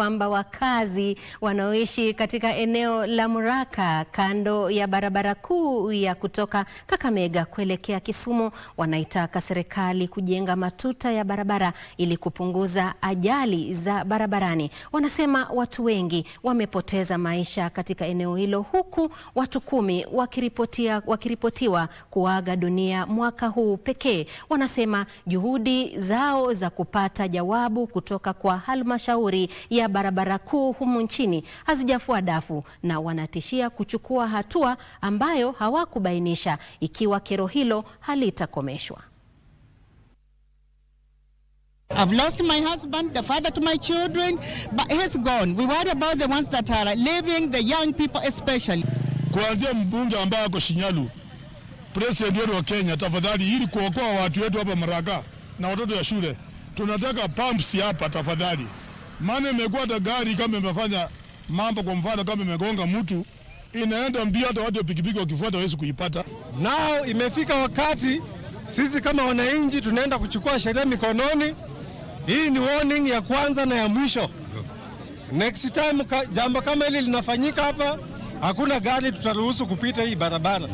kwamba wakazi wanaoishi katika eneo la Muraka kando ya barabara kuu ya kutoka Kakamega kuelekea Kisumu wanaitaka serikali kujenga matuta ya barabara ili kupunguza ajali za barabarani. Wanasema watu wengi wamepoteza maisha katika eneo hilo huku watu kumi wakiripotia wakiripotiwa kuaga dunia mwaka huu pekee. Wanasema juhudi zao za kupata jawabu kutoka kwa halmashauri ya barabara kuu humu nchini hazijafua dafu na wanatishia kuchukua hatua ambayo hawakubainisha ikiwa kero hilo halitakomeshwa. I've lost my husband, the father to my children, but he's gone. We worry about the ones that are living, the young people especially. Kuanzia mbunge ambaye ako Shinyalu, President wetu wa Kenya, tafadhali, ili kuokoa watu wetu hapa Maraga na watoto ya shule, tunataka pumps hapa tafadhali maana imekuwa hata gari kama imefanya mambo, kwa mfano kama imegonga mtu inaenda mbio, hata watu wa pikipiki wakifuata hawezi kuipata. Nao imefika wakati sisi kama wananchi tunaenda kuchukua sheria mikononi. Hii ni warning ya kwanza na ya mwisho. Next time jambo kama hili linafanyika hapa, hakuna gari tutaruhusu kupita hii barabara.